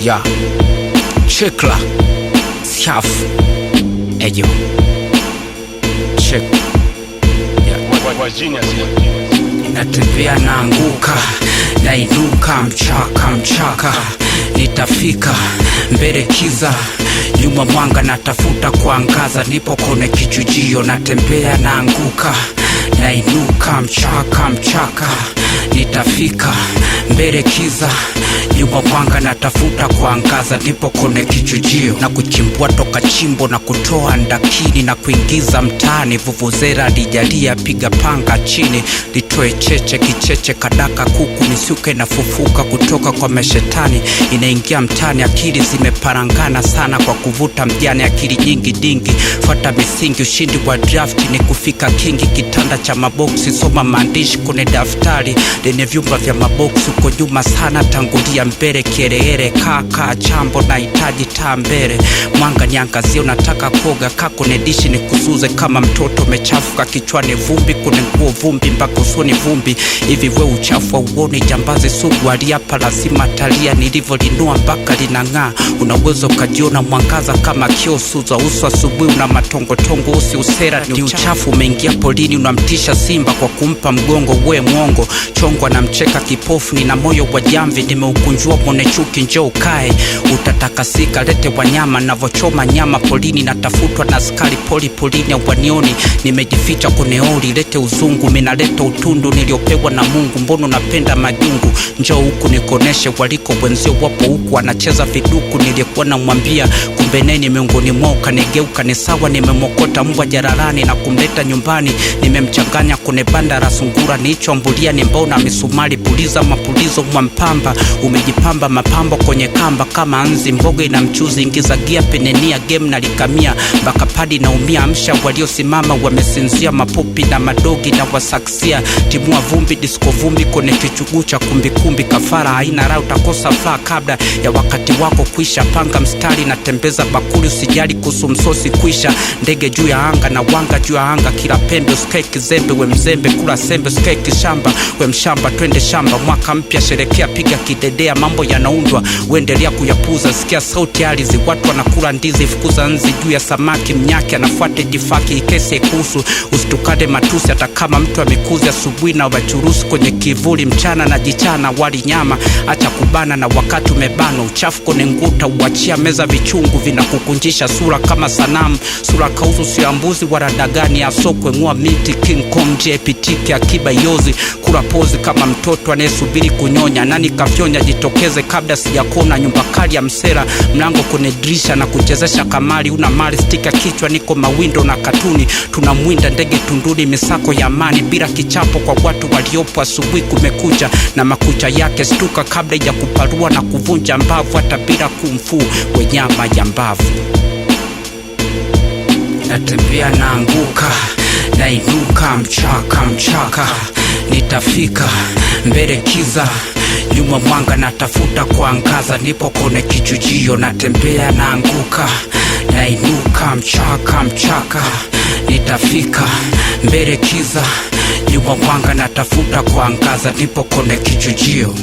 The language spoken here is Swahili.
Ja Czykla Schaw Ejo Czyk Natupia na anguka nainuka mchaka mchaka nitafika mbele kiza nyuma mwanga natafuta kuangaza nipo kone kichujio natembea naanguka nainuka mchaka mchaka nitafika mbele kiza nyuma kwanga natafuta kuangaza, ndipo kone kichujio na kuchimbua toka chimbo na kutoa ndakini na kuingiza mtaani. Vuvuzera lijalia, piga panga chini, litoe cheche kicheche, kadaka kuku misuke na fufuka kutoka kwa meshetani, inaingia mtaani. Akili zimeparangana sana kwa kuvuta mjane, akili nyingi dingi, fuata misingi. Ushindi wa drafti ni kufika kingi, kitanda cha maboksi, soma maandishi kone daftari lenye vyumba vya maboksi uko nyuma sana, tangulia mbele kielele. Kaka chambo nahitaji taa mbele, mwanga niangazie, unataka koga kako nedishi ni kusuze kama mtoto umechafuka, kichwani vumbi, kune nguo vumbi, mpaka usoni vumbi. Hivi we uchafu auone? Jambazi sugu aliapa, lazima talia, nilivyolinua mpaka linang'aa. Unaweza ukajiona mwangaza kama kio, suza uso asubuhi, una matongotongo, usi usera ni uchafu. Umeingia polini, unamtisha simba kwa kumpa mgongo, we mwongo chongwa na mcheka kipofu, ni na moyo wa jamvi, nimeukunjua mwone chuki, njoo ukae, utatakasika. Lete wanyama navochoma nyama polini, natafutwa na askari poli polini, wanioni nimejificha koneoli. Lete uzungu, minaleta utundu niliopewa na Mungu, mbono napenda magingu njo huku nikoneshe waliko wenzio, wapo huku anacheza viduku, nilikuwa namwambia kumbe neni miongoni mwao kanigeuka, ni sawa, nimemokota mbwa jararani na kumleta nyumbani, nimemchanganya kune banda la sungura niichwambulia ni mbo mbona na misumari, puliza mapulizo mwa mpamba, umejipamba mapambo kwenye kamba kama nzi, mboga ina mchuzi, ingiza gia, penenia game na likamia, mpaka padi na umia, amsha waliosimama wamesinzia, mapupi na madogi na wasaksia, timua vumbi, disco vumbi kwenye kichuguu cha kumbikumbi, kafara haina raha, utakosa faa kabla ya wakati wako kuisha, panga mstari na tembeza bakuli, usijali kuhusu msosi kuisha, ndege juu ya anga na wanga juu ya anga, kila pembe usikae kizembe, we mzembe kula sembe, usikae kishamba we mshamba, twende shamba, mwaka mpya sherekea, piga kidedea, mambo yanaundwa, uendelea kuyapuza. Sikia sauti alizi, watu wanakula ndizi, fukuza nzi juu ya samaki, mnyake anafuate jifaki, ikese kuhusu, usitukade matusi, hata kama mtu amekuzi Asubuhi na wachurusi kwenye kivuli, mchana na jichana, wali nyama, acha kubana na wakati umebana, uchafu kwenye nguta, uachia meza, vichungu vinakukunjisha sura kama sanamu, sura kauzu sio ya wala dagani, asokwe ng'ua miti, King Kong, JPT, akiba yozi kurapo machozi kama mtoto anayesubiri kunyonya. Nani kafyonya? Jitokeze kabla sijakona Nyumba kali ya msera, mlango kwenye dirisha na kuchezesha kamari. Una mali stika kichwa, niko mawindo na katuni. Tunamwinda ndege tunduni, misako ya amani bila kichapo kwa watu waliopo. Asubuhi kumekucha na makucha yake, stuka kabla ya kuparua na kuvunja mbavu, hata bila kumfu we nyama ya mbavu. Natembea naanguka nainuka mchaka mchaka nitafika mbele kiza nyuma mwanga natafuta kuangaza, nipo kone kichujio, natembea naanguka, nainuka mchaka mchaka, nitafika mbele kiza, nyuma mwanga natafuta kuangaza, nipo kone kichujio.